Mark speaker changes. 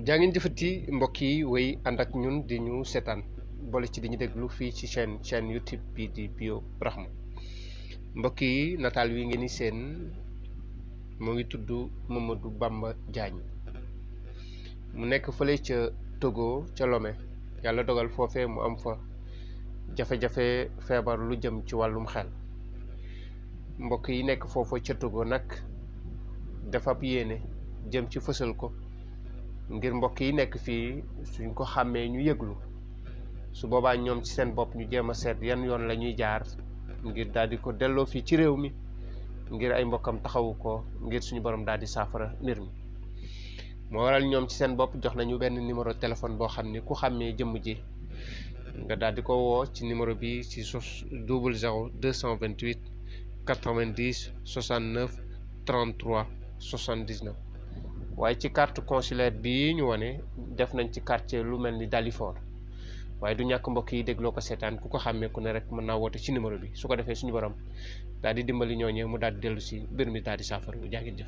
Speaker 1: jaa ngeen jëfati mbokk yi wéy ànd ak ñun di ñu seetaan boole ci di ñu déglu fii ci chaîne chaîne YouTube bi di Bio Rahma mbokk yi nataal wi ngeen di seen moo ngi tudd Mamadou jaañ Diagne mu nekk fële ca Togo ca Lomé yàlla dogal foofee mu am fa jafe-jafe feebar lu jëm ci wàllum xel mbokk yi nekk foofa ca Togo nag defab yéene jëm ci fësal ko ngir mbokk yi nekk fii suñ ko xàmmee ñu yëglu su boobaa ñoom ci seen bopp ñu jéem a seet yan yoon la ñuy jaar ngir daal ko delloo fii ci réew mi ngir ay mbokkam taxawu ko ngir suñu borom daal di saafara mbir mi. moo waral ñoom ci seen bopp jox nañu benn numéro téléphone boo xam ni ku xàmmee jëmm ji nga daal di ko woo ci numéro bi ci sos double zéro deux cent vingt huit waaye ci carte consulaire bii ñu wane def nañ ci quartier lu mel ni Dalifort waaye du ñàkk mbokk yi dégloo ko seetaan ku ko xàmmee ku ne rek mën naa woote ci numéro bi su ko defee suñu borom daal di dimbali ñooñee mu daal
Speaker 2: di dellu si mbir mi daal di saafara jaa ngeen